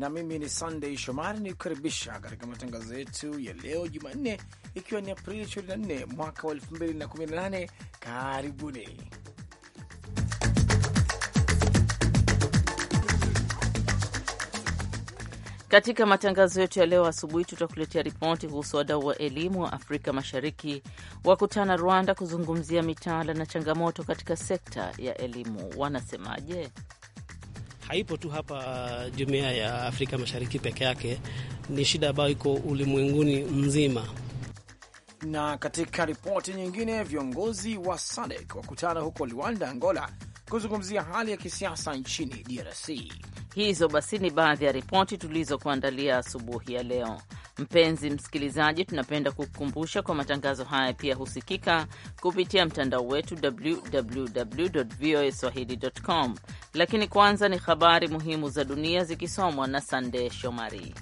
na mimi ni Sunday Shomari ni kukaribisha katika matangazo yetu ya leo Jumanne, ikiwa ni Aprili 24 mwaka wa 2018. Karibuni. Katika matangazo yetu ya leo asubuhi tutakuletea ripoti kuhusu wadau wa elimu wa Afrika Mashariki wakutana Rwanda kuzungumzia mitaala na changamoto katika sekta ya elimu. Wanasemaje? haipo tu hapa uh, jumuiya ya Afrika Mashariki peke yake, ni shida ambayo iko ulimwenguni mzima. Na katika ripoti nyingine, viongozi wa SADC wakutana huko Luanda, Angola, kuzungumzia hali ya kisiasa nchini DRC. Hizo basi ni baadhi ya ripoti tulizokuandalia asubuhi ya leo. Mpenzi msikilizaji, tunapenda kukukumbusha kwa matangazo haya pia husikika kupitia mtandao wetu www voa swahili.com. Lakini kwanza ni habari muhimu za dunia zikisomwa na Sandey Shomari.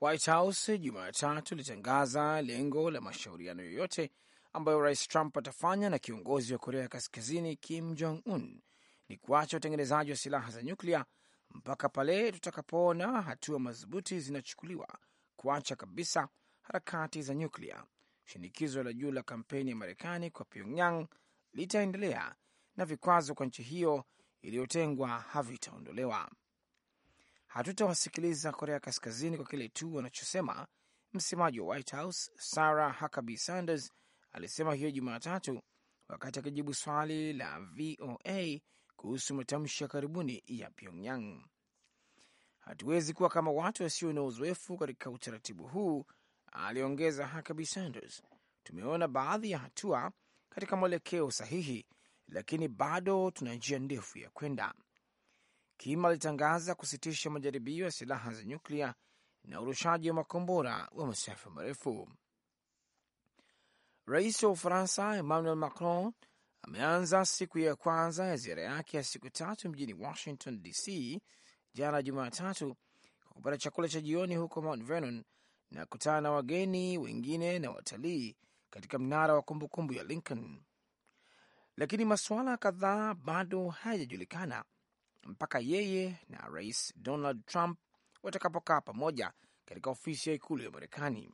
White House Jumatatu ilitangaza lengo la mashauriano yoyote ambayo Rais Trump atafanya na kiongozi wa Korea Kaskazini Kim Jong Un ni kuacha utengenezaji wa silaha za nyuklia mpaka pale tutakapoona hatua madhubuti zinachukuliwa kuacha kabisa harakati za nyuklia. Shinikizo la juu la kampeni ya Marekani kwa Pyongyang litaendelea na vikwazo kwa nchi hiyo iliyotengwa havitaondolewa. Hatutawasikiliza Korea Kaskazini kwa kile tu wanachosema, msemaji wa White House Sarah Huckabee Sanders alisema hiyo Jumatatu wakati akijibu swali la VOA kuhusu matamshi ya karibuni ya Pyongyang. Hatuwezi kuwa kama watu wasio na uzoefu katika utaratibu huu, aliongeza Huckabee Sanders. Tumeona baadhi ya hatua katika mwelekeo sahihi, lakini bado tuna njia ndefu ya kwenda. Kim alitangaza kusitisha majaribio ya silaha za nyuklia na urushaji wa makombora wa masafa marefu. Rais wa Ufaransa Emmanuel Macron ameanza siku ya kwanza ya ziara yake ya siku tatu mjini Washington DC jana Jumatatu kwa kupata chakula cha jioni huko Mount Vernon na kutana na wageni wengine na watalii katika mnara wa kumbukumbu ya Lincoln, lakini masuala kadhaa bado hayajajulikana mpaka yeye na Rais Donald Trump watakapokaa pamoja katika ofisi ya ikulu ya Marekani.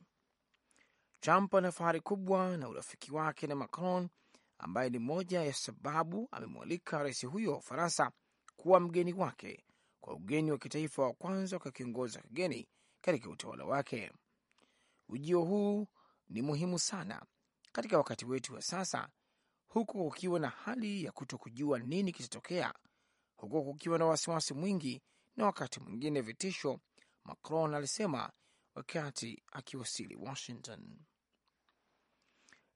Trump ana fahari kubwa na urafiki wake na Macron, ambaye ni moja ya sababu amemwalika rais huyo wa Ufaransa kuwa mgeni wake kwa ugeni wa kitaifa wa kwanza kwa kiongozi wa kigeni katika utawala wake. Ujio huu ni muhimu sana katika wakati wetu wa sasa, huku kukiwa na hali ya kuto kujua nini kitatokea, huku kukiwa na wasiwasi mwingi na wakati mwingine vitisho, Macron alisema wakati akiwasili Washington.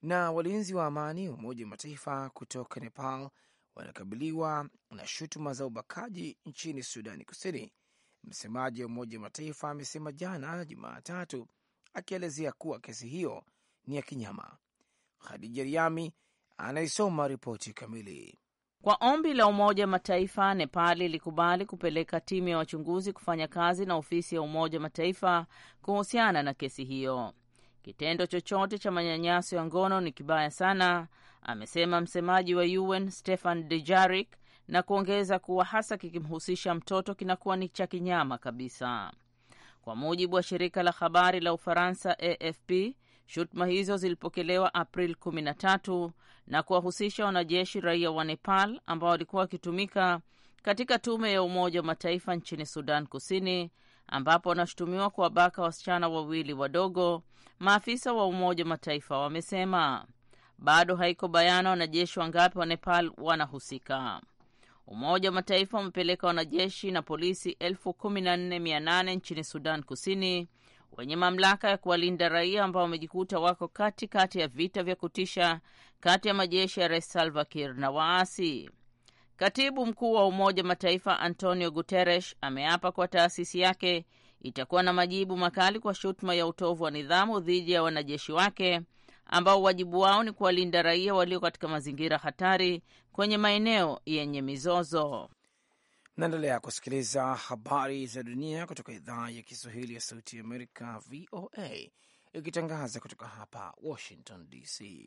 Na walinzi wa amani wa Umoja wa Mataifa kutoka Nepal wanakabiliwa na shutuma za ubakaji nchini Sudani Kusini. Msemaji wa Umoja wa Mataifa amesema jana Jumatatu, akielezea kuwa kesi hiyo ni ya kinyama. Khadija Riami anaisoma ripoti kamili. Kwa ombi la Umoja wa Mataifa, Nepal ilikubali kupeleka timu ya wachunguzi kufanya kazi na ofisi ya Umoja wa Mataifa kuhusiana na kesi hiyo. Kitendo chochote cha manyanyaso ya ngono ni kibaya sana, amesema msemaji wa UN Stefan Dejarik, na kuongeza kuwa hasa kikimhusisha mtoto kinakuwa ni cha kinyama kabisa. Kwa mujibu wa shirika la habari la Ufaransa AFP, Shutuma hizo zilipokelewa April 13 na kuwahusisha wanajeshi raia wa Nepal ambao walikuwa wakitumika katika tume ya Umoja wa Mataifa nchini Sudan Kusini, ambapo wanashutumiwa kuwabaka wasichana wawili wadogo, maafisa wa Umoja wa Mataifa wamesema. Bado haiko bayana wanajeshi wangapi wa Nepal wanahusika. Umoja wa Mataifa umepeleka wanajeshi na polisi elfu kumi na nne mia nane nchini Sudan Kusini wenye mamlaka ya kuwalinda raia ambao wamejikuta wako katikati kati ya vita vya kutisha kati ya majeshi ya Rais Salva Kiir na waasi. Katibu mkuu wa Umoja Mataifa Antonio Guterres ameapa kwa taasisi yake itakuwa na majibu makali kwa shutuma ya utovu wa nidhamu dhidi ya wanajeshi wake ambao wajibu wao ni kuwalinda raia walio katika mazingira hatari kwenye maeneo yenye mizozo. Naendelea kusikiliza habari za dunia kutoka idhaa ya Kiswahili ya Sauti ya Amerika, VOA, ikitangaza kutoka hapa Washington DC.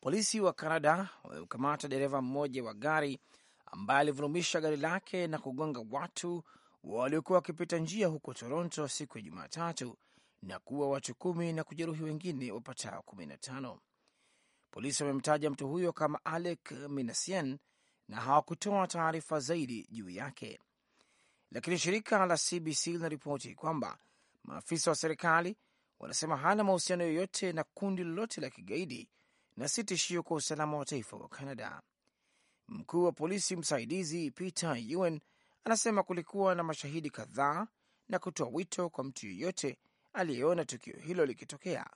Polisi wa Kanada wamemkamata dereva mmoja wa gari ambaye alivurumisha gari lake na kugonga watu waliokuwa wakipita njia huko Toronto siku ya Jumatatu na kuwa watu kumi na kujeruhi wengine wapatao kumi na tano. Polisi wamemtaja mtu huyo kama Alec Minasien na hawakutoa taarifa zaidi juu yake, lakini shirika la CBC linaripoti kwamba maafisa wa serikali wanasema hana mahusiano yoyote na kundi lolote la kigaidi na si tishio kwa usalama wa taifa wa Canada. Mkuu wa polisi msaidizi Peter Ewen anasema kulikuwa na mashahidi kadhaa na kutoa wito kwa mtu yeyote aliyeona tukio hilo likitokea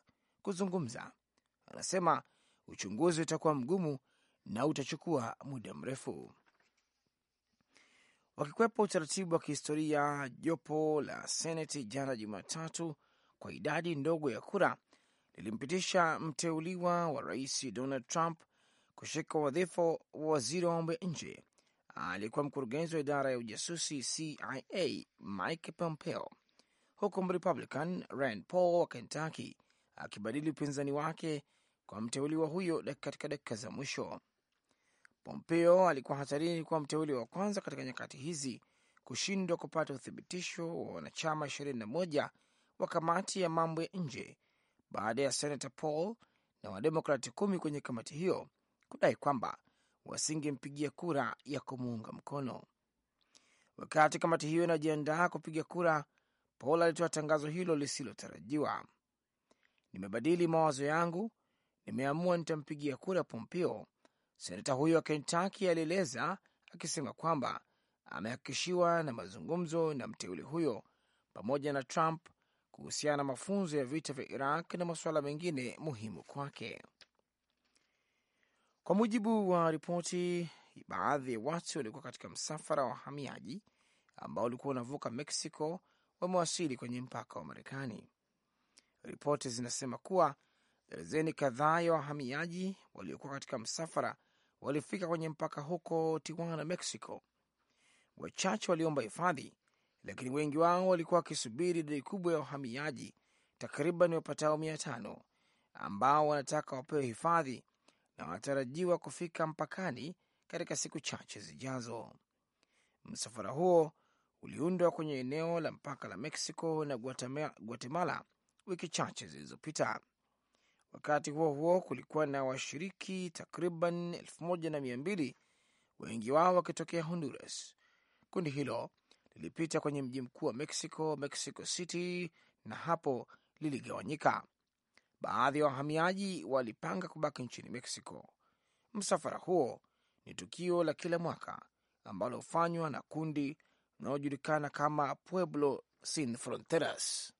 kuzungumza. Anasema uchunguzi utakuwa mgumu na utachukua muda mrefu. Wakikwepa utaratibu wa kihistoria, jopo la Seneti jana Jumatatu kwa idadi ndogo ya kura lilimpitisha mteuliwa wa rais Donald Trump kushika wadhifa wa waziri wa mambo ya nje aliyekuwa mkurugenzi wa idara ya ujasusi CIA Mike Pompeo, huku Mrepublican Rand Paul wa Kentucky akibadili upinzani wake kwa mteuliwa huyo katika dakika za mwisho. Pompeo alikuwa hatarini kuwa mteuli wa kwanza katika nyakati hizi kushindwa kupata uthibitisho wa wanachama 21 wa kamati ya mambo ya nje baada ya senata Paul na Wademokrati kumi kwenye kamati hiyo kudai kwamba wasingempigia kura ya kumuunga mkono. Wakati kamati hiyo inajiandaa kupiga kura, Paul alitoa tangazo hilo lisilotarajiwa. Nimebadili mawazo yangu, nimeamua nitampigia kura Pompeo Senata huyo wa Kentaki alieleza akisema kwamba amehakikishiwa na mazungumzo na mteule huyo pamoja na Trump kuhusiana na mafunzo ya vita vya Iraq na masuala mengine muhimu kwake. Kwa mujibu wa ripoti, baadhi ya watu waliokuwa katika msafara wa wahamiaji ambao walikuwa wanavuka Mexico wamewasili kwenye mpaka wa Marekani. Ripoti zinasema kuwa darazeni kadhaa ya wahamiaji waliokuwa katika msafara walifika kwenye mpaka huko Tijuana, Mexico. Wachache waliomba hifadhi, lakini wengi wao walikuwa wakisubiri idadi kubwa ya wahamiaji, takriban wapatao mia tano ambao wanataka wapewe hifadhi na wanatarajiwa kufika mpakani katika siku chache zijazo. Msafara huo uliundwa kwenye eneo la mpaka la Mexico na Guatemala wiki chache zilizopita. Wakati huo huo, kulikuwa na washiriki takriban elfu moja na mia mbili, wengi wao wakitokea Honduras. Kundi hilo lilipita kwenye mji mkuu wa Mexico, Mexico City, na hapo liligawanyika. Baadhi ya wa wahamiaji walipanga kubaki nchini Mexico. Msafara huo ni tukio la kila mwaka ambalo hufanywa na kundi linalojulikana kama Pueblo Sin Fronteras.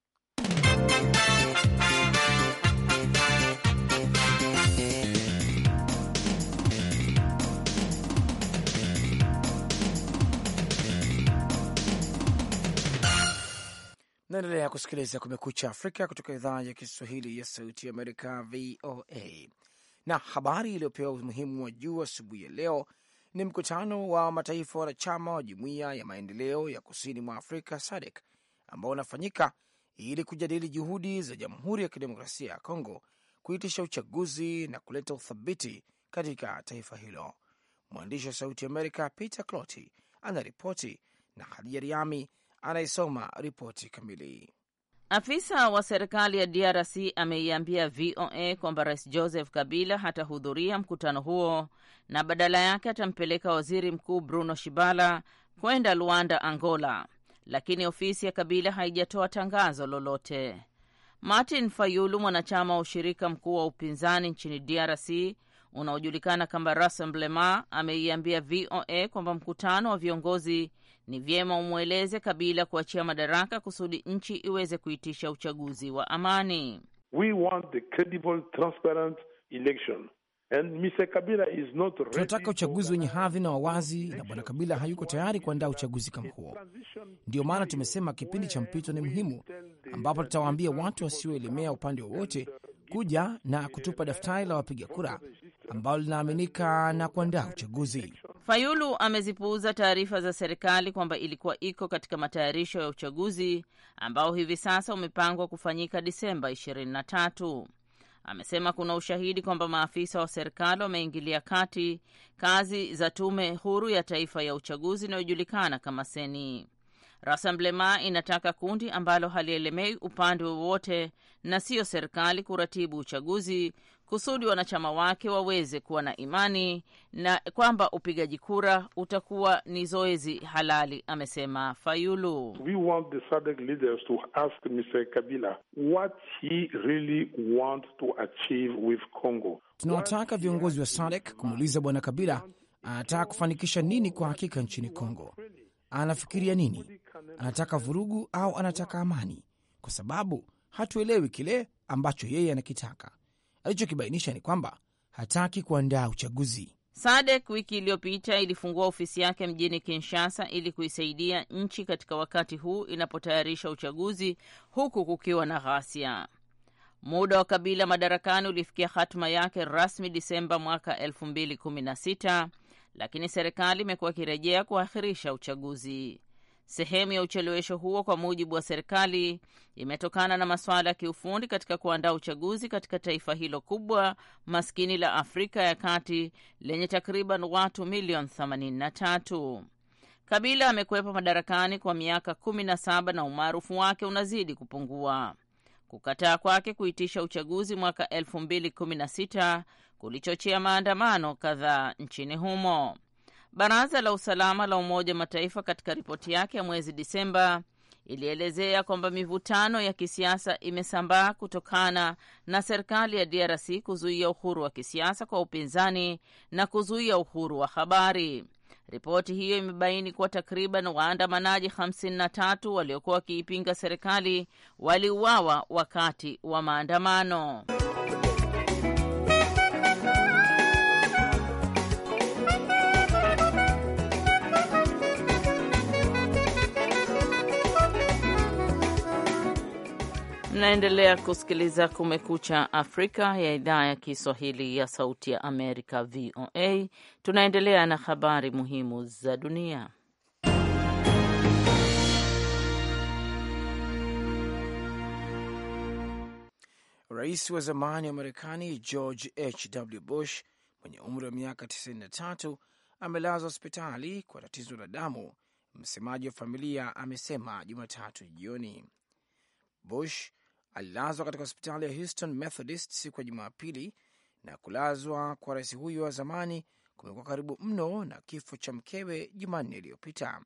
Naendelea kusikiliza Kumekucha Afrika kutoka idhaa ya Kiswahili ya Sauti ya Amerika, VOA. Na habari iliyopewa umuhimu wa juu asubuhi ya leo ni mkutano wa mataifa wanachama wa Jumuiya ya Maendeleo ya Kusini mwa Afrika, SADC, ambao unafanyika ili kujadili juhudi za Jamhuri ya Kidemokrasia ya Kongo kuitisha uchaguzi na kuleta uthabiti katika taifa hilo. Mwandishi wa Sauti Amerika Peter Cloti anaripoti na Hadija Riami anaisoma ripoti kamili. Afisa wa serikali ya DRC ameiambia VOA kwamba Rais Joseph Kabila hatahudhuria mkutano huo na badala yake atampeleka Waziri Mkuu Bruno Shibala kwenda Luanda, Angola, lakini ofisi ya Kabila haijatoa tangazo lolote. Martin Fayulu, mwanachama wa ushirika mkuu wa upinzani nchini DRC unaojulikana kama Rassemblement, ameiambia VOA kwamba mkutano wa viongozi ni vyema umweleze Kabila kuachia madaraka kusudi nchi iweze kuitisha uchaguzi wa amani. We want credible, transparent election. Tunataka uchaguzi wenye hadhi na wawazi, na bwana Kabila hayuko tayari kuandaa uchaguzi kama huo. Ndiyo maana tumesema kipindi cha mpito ni muhimu, ambapo tutawaambia watu wasioelemea upande wowote kuja na kutupa daftari la wapiga kura ambalo linaaminika na kuandaa uchaguzi. Fayulu amezipuuza taarifa za serikali kwamba ilikuwa iko katika matayarisho ya uchaguzi ambao hivi sasa umepangwa kufanyika Disemba 23. Amesema kuna ushahidi kwamba maafisa wa serikali wameingilia kati kazi za tume huru ya taifa ya uchaguzi inayojulikana kama Seni. Rassemblement inataka kundi ambalo halielemei upande wowote na siyo serikali kuratibu uchaguzi kusudi wanachama wake waweze kuwa na imani na kwamba upigaji kura utakuwa ni zoezi halali, amesema Fayulu. We want the SADC leaders to ask Mr. Kabila what he really to achieve with Congo. Tunawataka viongozi wa SADC kumuuliza Bwana Kabila anataka kufanikisha nini kwa hakika nchini Kongo. Anafikiria nini? Anataka vurugu au anataka amani? Kwa sababu hatuelewi kile ambacho yeye anakitaka alichokibainisha ni kwamba hataki kuandaa uchaguzi. Sadek wiki iliyopita ilifungua ofisi yake mjini Kinshasa ili kuisaidia nchi katika wakati huu inapotayarisha uchaguzi huku kukiwa na ghasia. Muda wa Kabila madarakani ulifikia hatima yake rasmi Disemba mwaka 2016 lakini serikali imekuwa ikirejea kuahirisha uchaguzi. Sehemu ya uchelewesho huo, kwa mujibu wa serikali, imetokana na masuala ya kiufundi katika kuandaa uchaguzi katika taifa hilo kubwa maskini la Afrika ya Kati lenye takriban watu milioni 83. Kabila amekuwepo madarakani kwa miaka kumi na saba na umaarufu wake unazidi kupungua. Kukataa kwake kuitisha uchaguzi mwaka 2016 kulichochea maandamano kadhaa nchini humo. Baraza la usalama la Umoja wa Mataifa katika ripoti yake ya mwezi Disemba ilielezea kwamba mivutano ya kisiasa imesambaa kutokana na serikali ya DRC kuzuia uhuru wa kisiasa kwa upinzani na kuzuia uhuru wa habari. Ripoti hiyo imebaini kuwa takriban waandamanaji 53 waliokuwa wakiipinga serikali waliuawa wakati wa maandamano. Mnaendelea kusikiliza Kumekucha Afrika ya idhaa ya Kiswahili ya Sauti ya Amerika, VOA. Tunaendelea na habari muhimu za dunia. Rais wa zamani wa Marekani George H.W. Bush mwenye umri wa miaka 93 amelazwa hospitali kwa tatizo la damu, msemaji wa familia amesema Jumatatu jioni. Bush alilazwa katika hospitali ya Houston Methodist siku ya Jumapili, na kulazwa kwa rais huyo wa zamani kumekuwa karibu mno na kifo cha mkewe Jumanne iliyopita.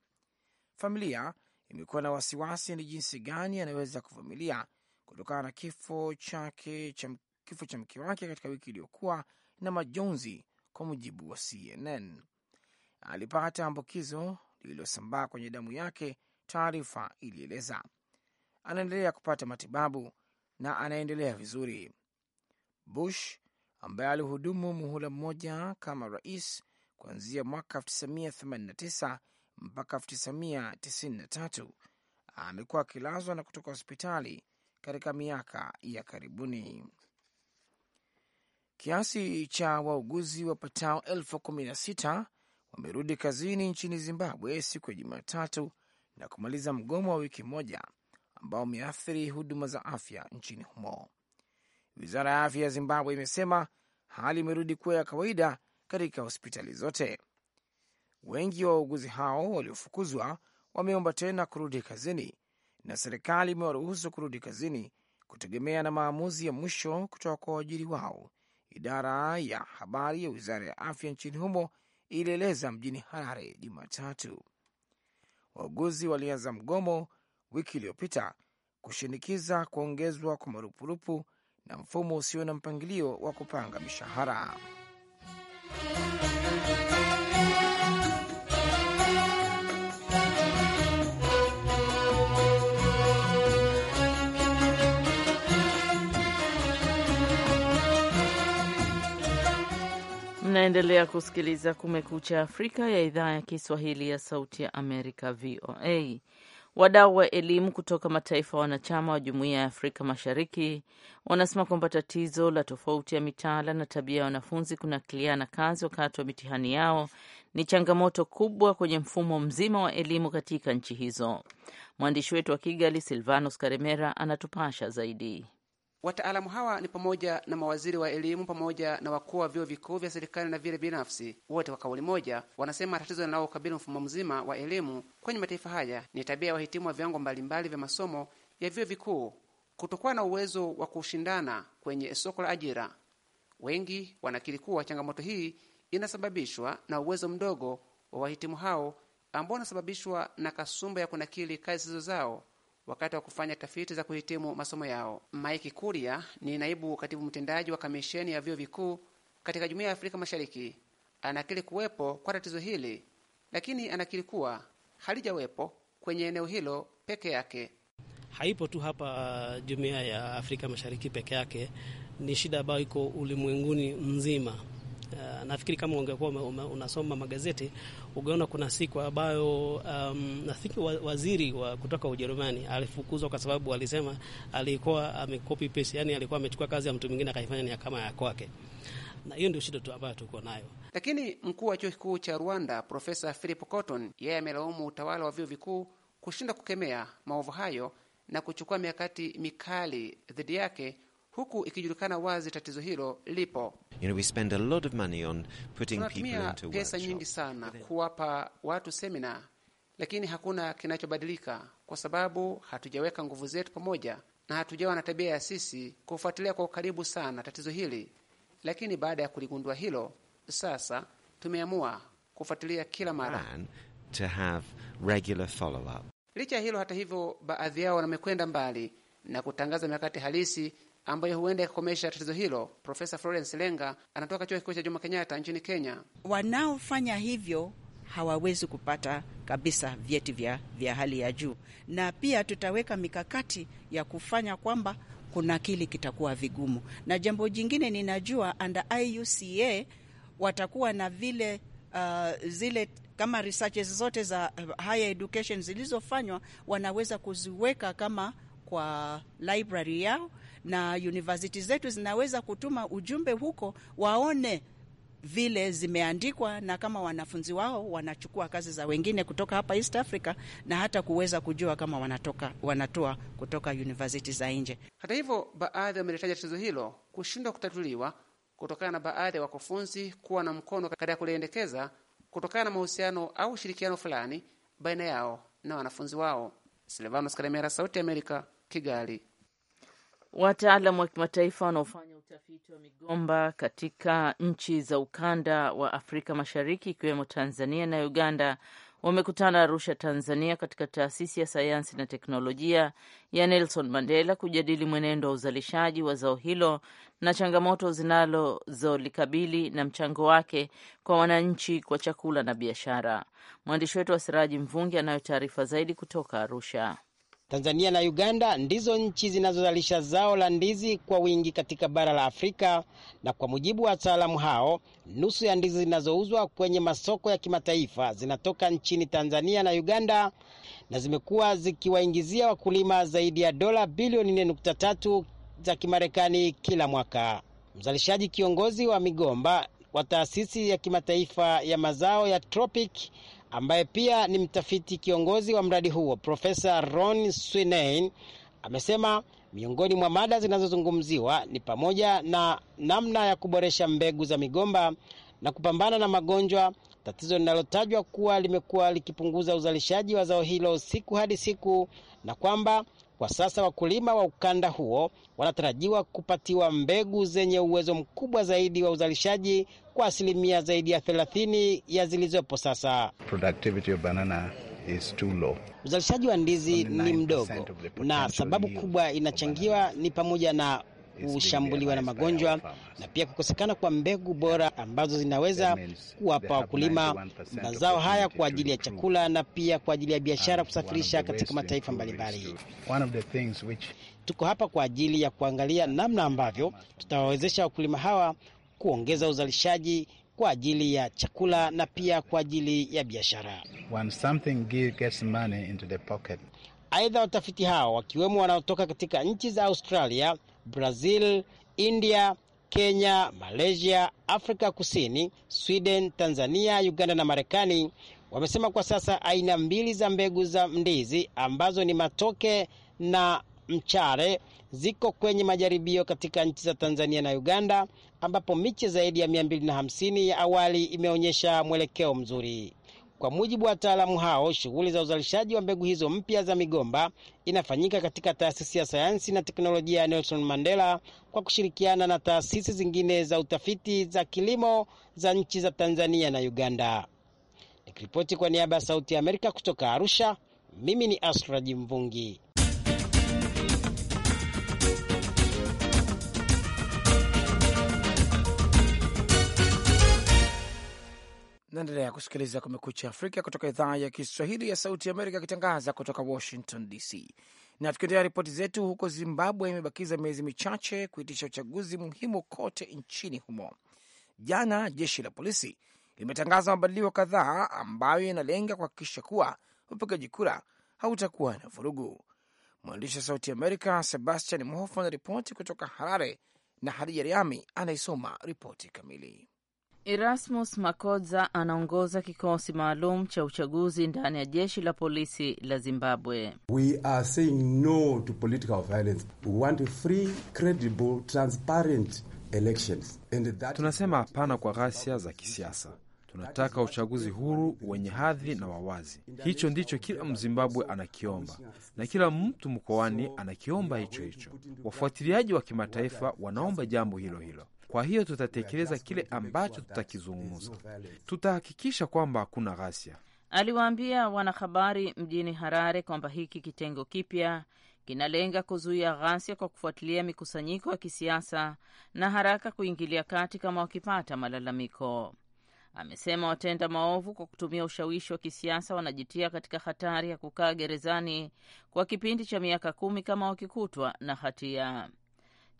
Familia imekuwa na wasiwasi ni jinsi gani anaweza kuvumilia kutokana na kifo chake kifo cha mke wake katika wiki iliyokuwa na majonzi. Kwa mujibu wa CNN, alipata ambukizo lililosambaa kwenye damu yake, taarifa ilieleza. Anaendelea kupata matibabu na anaendelea vizuri. Bush ambaye alihudumu muhula mmoja kama rais kuanzia mwaka 1989 mpaka 1993 amekuwa akilazwa na kutoka hospitali katika miaka ya karibuni. Kiasi cha wauguzi wapatao elfu kumi na sita wamerudi kazini nchini Zimbabwe siku ya Jumatatu na kumaliza mgomo wa wiki moja ambao umeathiri huduma za afya nchini humo. Wizara ya afya ya Zimbabwe imesema hali imerudi kuwa ya kawaida katika hospitali zote. Wengi wa wauguzi hao waliofukuzwa wameomba tena kurudi kazini na serikali imewaruhusu kurudi kazini kutegemea na maamuzi ya mwisho kutoka kwa waajiri wao. Idara ya habari ya wizara ya afya nchini humo ilieleza mjini Harare Jumatatu wauguzi walianza mgomo wiki iliyopita kushinikiza kuongezwa kwa marupurupu na mfumo usio na mpangilio wa kupanga mishahara. Mnaendelea kusikiliza Kumekucha Afrika ya idhaa ya Kiswahili ya Sauti ya Amerika, VOA. Wadau wa elimu kutoka mataifa wanachama wa Jumuiya ya Afrika Mashariki wanasema kwamba tatizo la tofauti ya mitaala na tabia ya wanafunzi kunakiliana kazi wakati wa mitihani yao ni changamoto kubwa kwenye mfumo mzima wa elimu katika nchi hizo. Mwandishi wetu wa Kigali, Silvanos Karemera, anatupasha zaidi. Wataalamu hawa ni pamoja na mawaziri wa elimu pamoja na wakuu wa vyuo vikuu vya serikali na vile binafsi. Wote kwa kauli moja wanasema tatizo linalokabili mfumo mzima wa elimu kwenye mataifa haya ni tabia ya wahitimu wa viwango mbalimbali vya masomo ya vyuo vikuu kutokuwa na uwezo wa kushindana kwenye soko la ajira. Wengi wanakiri kuwa changamoto hii inasababishwa na uwezo mdogo wa wahitimu hao ambao unasababishwa na kasumba ya kunakili kazi zizo zao wakati wa kufanya tafiti za kuhitimu masomo yao. Mike Kuria ni naibu katibu mtendaji wa kamisheni ya vyuo vikuu katika Jumuiya ya Afrika Mashariki. Anakiri kuwepo kwa tatizo hili, lakini anakiri kuwa halijawepo kwenye eneo hilo peke yake. Haipo tu hapa uh, Jumuiya ya Afrika Mashariki peke yake, ni shida ambayo iko ulimwenguni mzima. Uh, nafikiri kama ungekuwa unasoma magazeti ungeona kuna siku ambayo um, nafikiri wa, waziri wa kutoka Ujerumani alifukuzwa kwa sababu alisema alikuwa amekopi paste, yani alikuwa amechukua kazi ya mtu mwingine akaifanya ni kama ya kwake, na hiyo ndio shida tu ambayo tuko nayo. Lakini mkuu wa chuo kikuu cha Rwanda Profesa Philip Cotton yeye amelaumu utawala wa vyuo vikuu kushindwa kukemea maovu hayo na kuchukua mikakati mikali dhidi yake huku ikijulikana wazi tatizo hilo lipo. You know, tunatumia pesa nyingi sana kuwapa watu semina, lakini hakuna kinachobadilika kwa sababu hatujaweka nguvu zetu pamoja na hatujawa na tabia ya sisi kufuatilia kwa ukaribu sana tatizo hili. Lakini baada ya kuligundua hilo, sasa tumeamua kufuatilia kila mara to have regular follow-up. Licha ya hilo, hata hivyo, baadhi yao wamekwenda mbali na kutangaza mikakati halisi ambayo huenda yakakomesha tatizo hilo. Profesa Florence Lenga anatoka chuo kikuu cha Jomo Kenyatta nchini Kenya. Wanaofanya hivyo hawawezi kupata kabisa vyeti vya, vya hali ya juu, na pia tutaweka mikakati ya kufanya kwamba kuna kili kitakuwa vigumu. Na jambo jingine ninajua under IUCA watakuwa na vile uh, zile kama researches zote za higher education zilizofanywa wanaweza kuziweka kama kwa library yao na university zetu zinaweza kutuma ujumbe huko waone vile zimeandikwa na kama wanafunzi wao wanachukua kazi za wengine kutoka hapa East Africa na hata kuweza kujua kama wanatoka, wanatoa kutoka university za nje. Hata hivyo, baadhi wamelitaja tatizo hilo kushindwa kutatuliwa kutokana na baadhi ya wakufunzi kuwa na mkono katika kuliendekeza kutokana na mahusiano au ushirikiano fulani baina yao na wanafunzi wao. Silvanos Karemera, Sauti ya Amerika, Kigali. Wataalam wa kimataifa wanaofanya utafiti wa migomba katika nchi za ukanda wa Afrika Mashariki ikiwemo Tanzania na Uganda wamekutana Arusha, Tanzania, katika taasisi ya sayansi na teknolojia ya Nelson Mandela kujadili mwenendo wa uzalishaji wa zao hilo na changamoto zinalozolikabili na mchango wake kwa wananchi kwa chakula na biashara. Mwandishi wetu wa Siraji Mvungi anayo taarifa zaidi kutoka Arusha. Tanzania na Uganda ndizo nchi zinazozalisha zao la ndizi kwa wingi katika bara la Afrika, na kwa mujibu wa wataalamu hao, nusu ya ndizi zinazouzwa kwenye masoko ya kimataifa zinatoka nchini Tanzania na Uganda, na zimekuwa zikiwaingizia wakulima zaidi ya dola bilioni 4.3 za Kimarekani kila mwaka. Mzalishaji kiongozi wa migomba wa taasisi ya kimataifa ya mazao ya tropic ambaye pia ni mtafiti kiongozi wa mradi huo, Profesa Ron Swinein amesema miongoni mwa mada zinazozungumziwa ni pamoja na namna ya kuboresha mbegu za migomba na kupambana na magonjwa, tatizo linalotajwa kuwa limekuwa likipunguza uzalishaji wa zao hilo siku hadi siku, na kwamba kwa sasa wakulima wa ukanda huo wanatarajiwa kupatiwa mbegu zenye uwezo mkubwa zaidi wa uzalishaji kwa asilimia zaidi ya 30 ya zilizopo sasa. Productivity of banana is too low. Uzalishaji wa ndizi ni mdogo, na sababu kubwa inachangiwa ni pamoja na kushambuliwa na magonjwa na pia kukosekana kwa mbegu bora ambazo zinaweza kuwapa wakulima mazao haya kwa ajili ya chakula na pia kwa ajili ya biashara kusafirisha katika mataifa mbalimbali. tuko hapa kwa ajili ya kuangalia namna ambavyo tutawawezesha wakulima hawa kuongeza uzalishaji kwa ajili ya chakula na pia kwa ajili ya biashara. Aidha, watafiti hao wakiwemo wanaotoka katika nchi za Australia Brazil, India, Kenya, Malaysia, Afrika Kusini, Sweden, Tanzania, Uganda na Marekani wamesema kwa sasa aina mbili za mbegu za ndizi ambazo ni matoke na mchare ziko kwenye majaribio katika nchi za Tanzania na Uganda ambapo miche zaidi ya 250 ya awali imeonyesha mwelekeo mzuri. Kwa mujibu wa wataalamu hao, shughuli za uzalishaji wa mbegu hizo mpya za migomba inafanyika katika taasisi ya sayansi na teknolojia ya Nelson Mandela kwa kushirikiana na taasisi zingine za utafiti za kilimo za nchi za Tanzania na Uganda. Nikiripoti kwa niaba ya Sauti ya Amerika kutoka Arusha, mimi ni Asraji Mvungi. naendelea kusikiliza Kumekucha Afrika kutoka idhaa ya Kiswahili ya Sauti Amerika ikitangaza kutoka Washington DC. Na tukiendelea ripoti zetu, huko Zimbabwe imebakiza miezi michache kuitisha uchaguzi muhimu kote nchini humo. Jana jeshi la polisi limetangaza mabadiliko kadhaa ambayo yanalenga kuhakikisha kuwa upigaji kura hautakuwa na vurugu. Mwandishi wa Sauti Amerika Sebastian Mhofu anaripoti kutoka Harare na Hadija Riami anaisoma ripoti kamili. Erasmus Makodza anaongoza kikosi maalum cha uchaguzi ndani ya jeshi la polisi la Zimbabwe. We are saying no to political violence. We want free, credible, transparent elections. And that... Tunasema hapana kwa ghasia za kisiasa. Tunataka uchaguzi huru wenye hadhi na wawazi. Hicho ndicho kila Mzimbabwe anakiomba na kila mtu mkoani anakiomba hicho hicho. Wafuatiliaji wa kimataifa wanaomba jambo hilo hilo. Kwa hiyo tutatekeleza kile ambacho tutakizungumza, tutahakikisha kwamba hakuna ghasia. Aliwaambia wanahabari mjini Harare kwamba hiki kitengo kipya kinalenga kuzuia ghasia kwa kufuatilia mikusanyiko ya kisiasa na haraka kuingilia kati kama wakipata malalamiko. Amesema watenda maovu kwa kutumia ushawishi wa kisiasa wanajitia katika hatari ya kukaa gerezani kwa kipindi cha miaka kumi kama wakikutwa na hatia.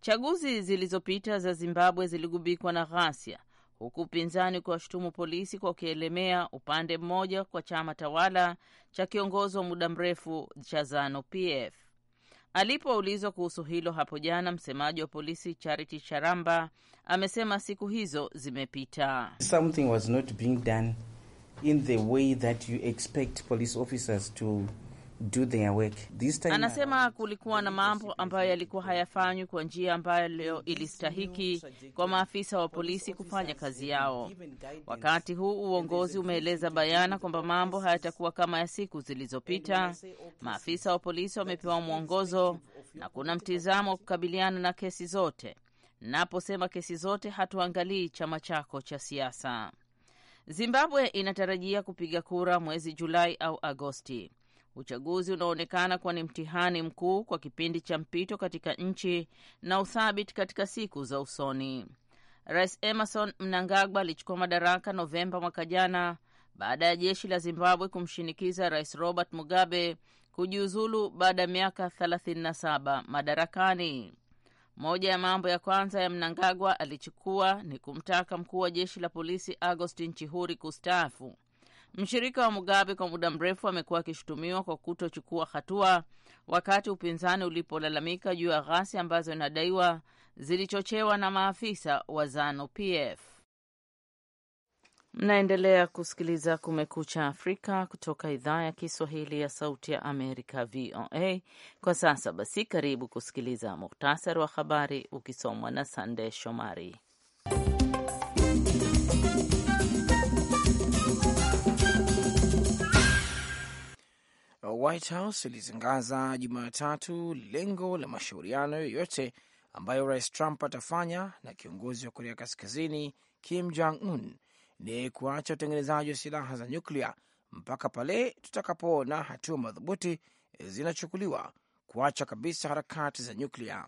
Chaguzi zilizopita za Zimbabwe ziligubikwa na ghasia, huku upinzani ukiwashutumu polisi kwa ukielemea upande mmoja kwa chama tawala cha kiongozi wa muda mrefu cha ZANU-PF. Alipoulizwa kuhusu hilo hapo jana, msemaji wa polisi Charity Charamba amesema siku hizo zimepita. Something was not being done in the way that you expect police officers to do their work. This time anasema uh, kulikuwa na mambo ambayo yalikuwa hayafanywi kwa njia ambayo ilistahiki kwa maafisa wa polisi kufanya kazi yao. Wakati huu uongozi umeeleza bayana kwamba mambo hayatakuwa kama ya siku zilizopita. Maafisa wa polisi wamepewa mwongozo na kuna mtizamo wa kukabiliana na kesi zote. Naposema kesi zote, hatuangalii chama chako cha siasa. Zimbabwe inatarajia kupiga kura mwezi Julai au Agosti. Uchaguzi unaonekana kuwa ni mtihani mkuu kwa kipindi cha mpito katika nchi na uthabiti katika siku za usoni. Rais Emerson Mnangagwa alichukua madaraka Novemba mwaka jana baada ya jeshi la Zimbabwe kumshinikiza Rais Robert Mugabe kujiuzulu baada ya miaka 37 madarakani. Moja ya mambo ya kwanza ya Mnangagwa alichukua ni kumtaka mkuu wa jeshi la polisi agosti Chihuri kustaafu Mshirika wa Mugabe kwa muda mrefu amekuwa akishutumiwa kwa kutochukua hatua wakati upinzani ulipolalamika juu ya ghasia ambazo inadaiwa zilichochewa na maafisa wa Zanu PF. Mnaendelea kusikiliza Kumekucha Afrika kutoka idhaa ya Kiswahili ya Sauti ya Amerika, VOA. Kwa sasa basi, karibu kusikiliza muhtasari wa habari ukisomwa na Sandey Shomari. White House ilitangaza Jumatatu lengo la mashauriano yoyote ambayo rais Trump atafanya na kiongozi wa Korea Kaskazini Kim Jong Un ni kuacha utengenezaji wa silaha za nyuklia mpaka pale tutakapoona hatua madhubuti zinachukuliwa kuacha kabisa harakati za nyuklia.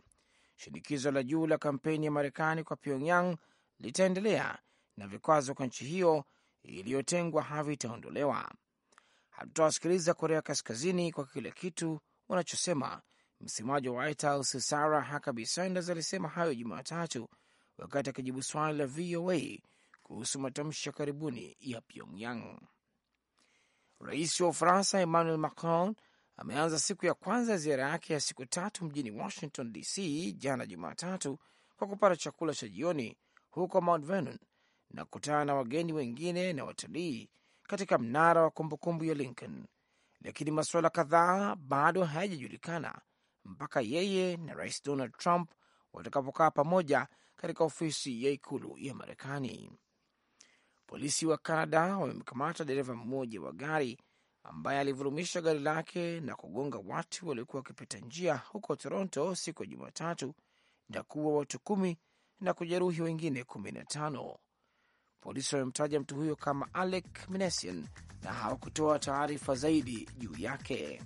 Shinikizo la juu la kampeni ya Marekani kwa Pyongyang litaendelea na vikwazo kwa nchi hiyo iliyotengwa havitaondolewa. Hatutawasikiliza Korea Kaskazini kwa kile kitu wanachosema. Msemaji wa White House Sarah Huckabee Sanders alisema hayo Jumatatu wakati akijibu swali la VOA kuhusu matamshi ya karibuni ya Pyongyang. Rais wa Ufaransa Emmanuel Macron ameanza siku ya kwanza ya ziara yake ya siku tatu mjini Washington DC jana Jumatatu kwa kupata chakula cha jioni huko Mount Vernon na kukutana na wageni wengine na watalii katika mnara wa kumbukumbu ya Lincoln, lakini masuala kadhaa bado hayajajulikana mpaka yeye na Rais Donald Trump watakapokaa pamoja katika ofisi ya ikulu ya Marekani. Polisi wa Kanada wamemkamata dereva mmoja wa gari ambaye alivurumisha gari lake na kugonga watu waliokuwa wakipita njia huko Toronto siku ya Jumatatu na kuua watu kumi na kujeruhi wengine kumi na tano. Polisi wamemtaja mtu huyo kama Alec Minesian na hawakutoa taarifa zaidi juu yake.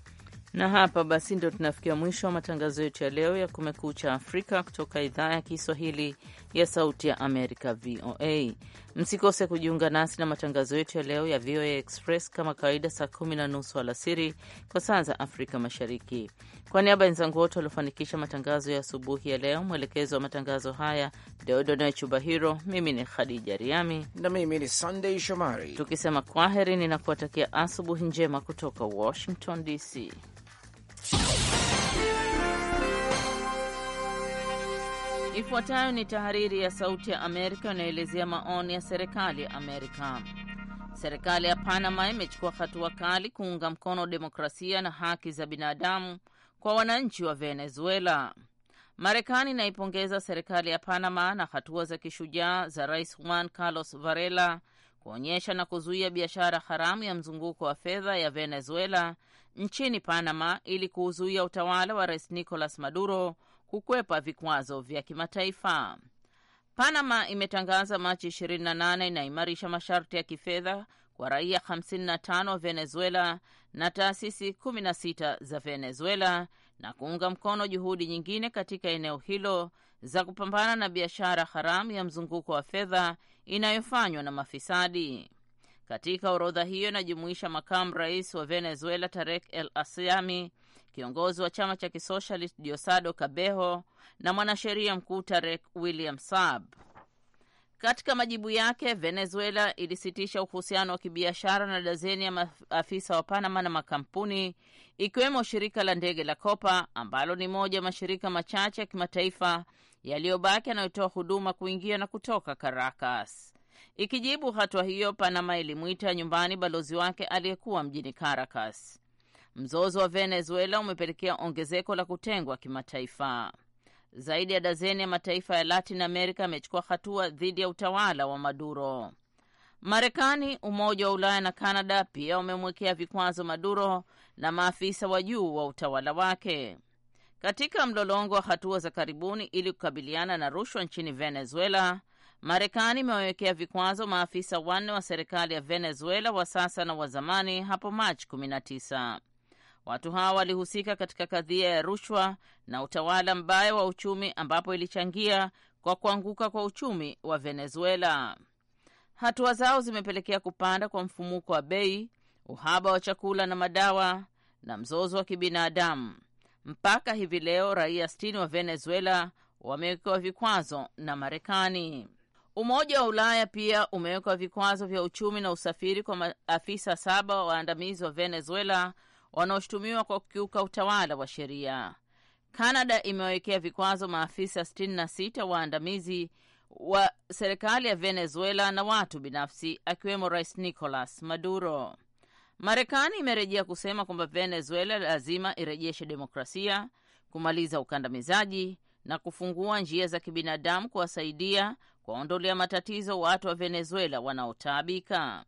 Na hapa basi ndo tunafikia mwisho wa matangazo yetu ya leo ya Kumekucha Afrika kutoka idhaa ya Kiswahili ya Sauti ya Amerika, VOA. Msikose kujiunga nasi na matangazo yetu ya leo ya VOA Express kama kawaida, saa kumi na nusu alasiri kwa saa za Afrika Mashariki. Kwa niaba ya wenzangu wote waliofanikisha matangazo ya asubuhi ya leo, mwelekezo wa matangazo haya Deodonae Chubahiro, mimi ni Khadija Riami na mimi ni Sandey Shomari, tukisema kwaheri, ninakuwatakia asubuhi njema kutoka Washington DC. Ifuatayo ni tahariri ya Sauti ya Amerika inayoelezea maoni ya serikali ya Amerika. Serikali ya Panama imechukua hatua kali kuunga mkono demokrasia na haki za binadamu kwa wananchi wa Venezuela. Marekani inaipongeza serikali ya Panama na hatua za kishujaa za Rais Juan Carlos Varela kuonyesha na kuzuia biashara haramu ya mzunguko wa fedha ya Venezuela nchini Panama ili kuuzuia utawala wa Rais Nicolas Maduro kukwepa vikwazo vya kimataifa. Panama imetangaza Machi 28 inaimarisha masharti ya kifedha kwa raia 55 wa Venezuela na taasisi 16 za Venezuela na kuunga mkono juhudi nyingine katika eneo hilo za kupambana na biashara haramu ya mzunguko wa fedha inayofanywa na mafisadi. Katika orodha hiyo inajumuisha makamu rais wa Venezuela Tarek El Asiami kiongozi wa chama cha kisocialist diosado Kabeho na mwanasheria mkuu Tarek William Saab. Katika majibu yake, Venezuela ilisitisha uhusiano wa kibiashara na dazeni ya maafisa wa Panama na makampuni ikiwemo shirika la ndege la Copa ambalo ni moja ya mashirika machache ya kimataifa yaliyobaki yanayotoa huduma kuingia na kutoka Caracas. Ikijibu hatua hiyo, Panama ilimwita nyumbani balozi wake aliyekuwa mjini Caracas. Mzozo wa Venezuela umepelekea ongezeko la kutengwa kimataifa. Zaidi ya dazeni ya mataifa ya Latin America yamechukua hatua dhidi ya utawala wa Maduro. Marekani, Umoja wa Ulaya na Kanada pia wamemwekea vikwazo Maduro na maafisa wa juu wa utawala wake. Katika mlolongo wa hatua za karibuni ili kukabiliana na rushwa nchini Venezuela, Marekani imewawekea vikwazo maafisa wanne wa serikali ya Venezuela wa sasa na wa zamani hapo Machi 19. Watu hawa walihusika katika kadhia ya rushwa na utawala mbaya wa uchumi ambapo ilichangia kwa kuanguka kwa uchumi wa Venezuela. Hatua zao zimepelekea kupanda kwa mfumuko wa bei, uhaba wa chakula na madawa na mzozo wa kibinadamu. Mpaka hivi leo raia sitini wa Venezuela wamewekewa vikwazo na Marekani. Umoja wa Ulaya pia umewekwa vikwazo vya uchumi na usafiri kwa maafisa saba waandamizi wa Venezuela wanaoshutumiwa kwa kukiuka utawala wa sheria. Kanada imewawekea vikwazo maafisa 66 waandamizi wa serikali ya Venezuela na watu binafsi akiwemo Rais Nicolas Maduro. Marekani imerejea kusema kwamba Venezuela lazima irejeshe demokrasia, kumaliza ukandamizaji na kufungua njia za kibinadamu kuwasaidia kuwaondolea matatizo watu wa Venezuela wanaotaabika.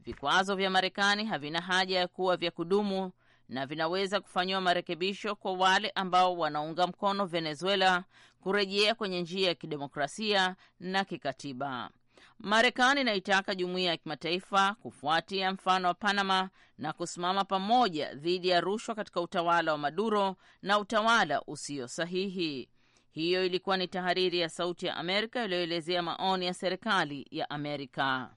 Vikwazo vya Marekani havina haja ya kuwa vya kudumu na vinaweza kufanyiwa marekebisho kwa wale ambao wanaunga mkono Venezuela kurejea kwenye njia ya kidemokrasia na kikatiba. Marekani inaitaka jumuiya ya kimataifa kufuatia mfano wa Panama na kusimama pamoja dhidi ya rushwa katika utawala wa Maduro na utawala usio sahihi. Hiyo ilikuwa ni tahariri ya Sauti ya Amerika iliyoelezea maoni ya serikali ya Amerika.